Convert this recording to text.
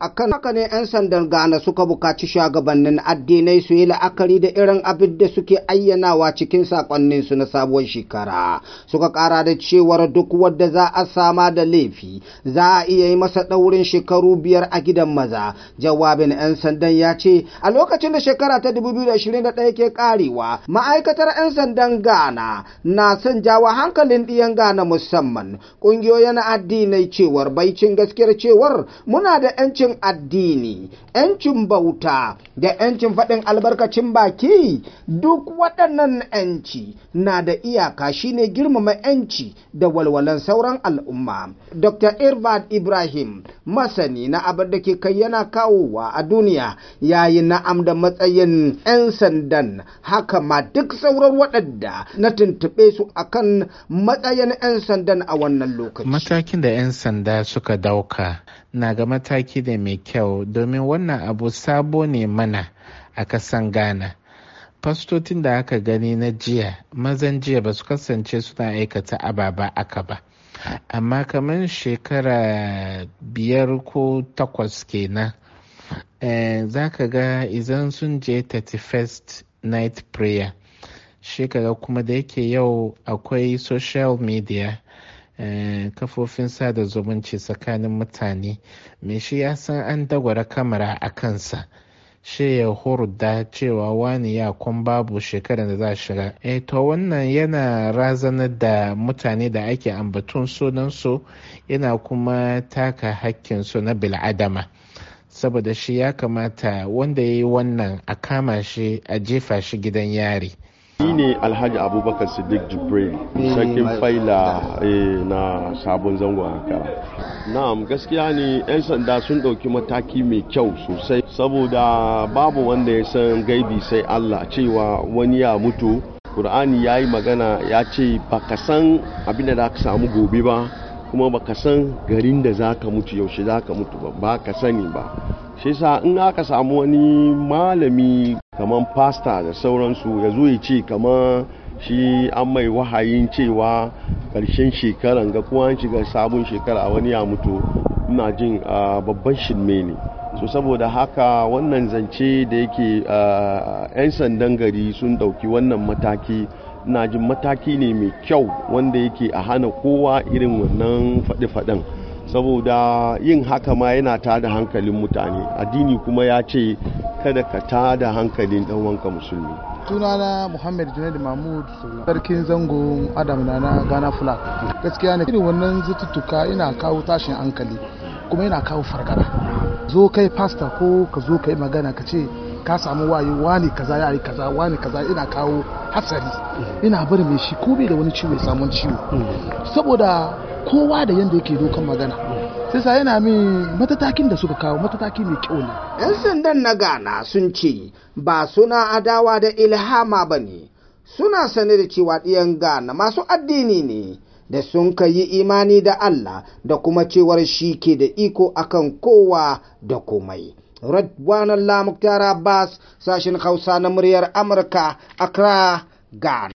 akan haka ne 'yan sandan Ghana suka bukaci shugabannin addinai su yi la'akari da irin abin da suke ayyanawa cikin sakonnin su na sabuwar shekara suka kara da cewar duk wadda za a sama da laifi za a iya yi masa ɗaurin shekaru biyar a gidan maza jawabin 'yan sandan ya ce a lokacin da shekara ta 2021 ke karewa ma'aikatar 'yan sandan Ghana na son jawa hankalin ɗiyan Ghana musamman ƙungiyoyin addinai cewar baicin gaskiyar cewar muna da 'yancin 'yancin addini 'yancin bauta da 'yancin faɗin albarkacin baki duk waɗannan 'yanci na da iyaka shine girmama 'yanci da walwalan sauran al'umma dr irvad ibrahim masani na abin da ke kai yana kawowa a duniya yayi na'am da matsayin 'yan sandan haka ma duk sauran waɗanda na tuntuɓe su akan matsayin 'yan sandan a wannan lokaci matakin da 'yan sanda suka dauka na ga mataki ne mai kyau domin wannan abu sabo ne mana a kasan ghana fastotin da aka gani na jiya mazan jiya ba su kasance suna aikata ababa aka ba amma kamar shekara biyar ko takwas kenan eh, za ka ga izan sun je 31st night prayer shekara kuma da yake yau akwai social media Eh, kafofin sada zumunci tsakanin mutane mai shi ya san an dagwara kamara a kansa shi ya hurda cewa wani ya kun babu shekarar da za a shiga e to wannan yana razanar da mutane da ake ambatun sunansu yana kuma taka hakkinsu na bil'adama saboda shi ya kamata wanda ya yi wannan a kama shi a jefa shi gidan yari Ni ne Alhaji Abubakar Siddiq Jibril, eh, sarkin faila eh, na sabon zango Ankara. Na'am gaskiya ne 'yan sanda sun ɗauki mataki mai kyau sosai saboda babu wanda ya san gaibi sai Allah cewa wani ya mutu. Kur'ani ya yi magana ya ce ba ka san abinda da ka samu gobe ba kuma ba ka san garin da za ka mutu yaushe za ka mutu ba ba ka sani ba. Shi sa in aka samu wani malami kamar pasta da sauransu ya zo ya ce kamar shi an mai wahayin cewa karshen shekaran ga kuma an shiga sabon shekara a wani ya mutu ina jin babban shirme ne so saboda haka wannan zance da yake 'yan sandan gari sun ɗauki wannan mataki na jin mataki ne mai kyau wanda yake a hana kowa irin wannan faɗi-faɗin saboda yin haka ma yana tada hankalin mutane addini kuma ya ce kada ka ta da hankalin dan wanka musulmi sunana muhammad junaid mahmud sarkin zango adam na na Gana fula gaskiya ne irin wannan zututtuka ina kawo tashin hankali kuma ina kawo fargaba zo kai pasta ko ka zo kai magana ka ce ka samu wayo wani kaza ya yi kaza wani kaza ina kawo hatsari ina barin mai shi ko da wani ciwo ya samu ciwo mm. saboda kowa da yadda yake dokan magana sai sa yana min matatakin da suka kawo matataki mai kyau ne yan sandan na ghana sun ce ba suna adawa da ilhama ba ne suna sane da cewa ɗiyan ghana masu addini ne da sun ka yi imani da allah da kuma cewar shi ke da iko akan kowa da komai radwanan muktara bas sashen hausa na muryar amurka accra ghana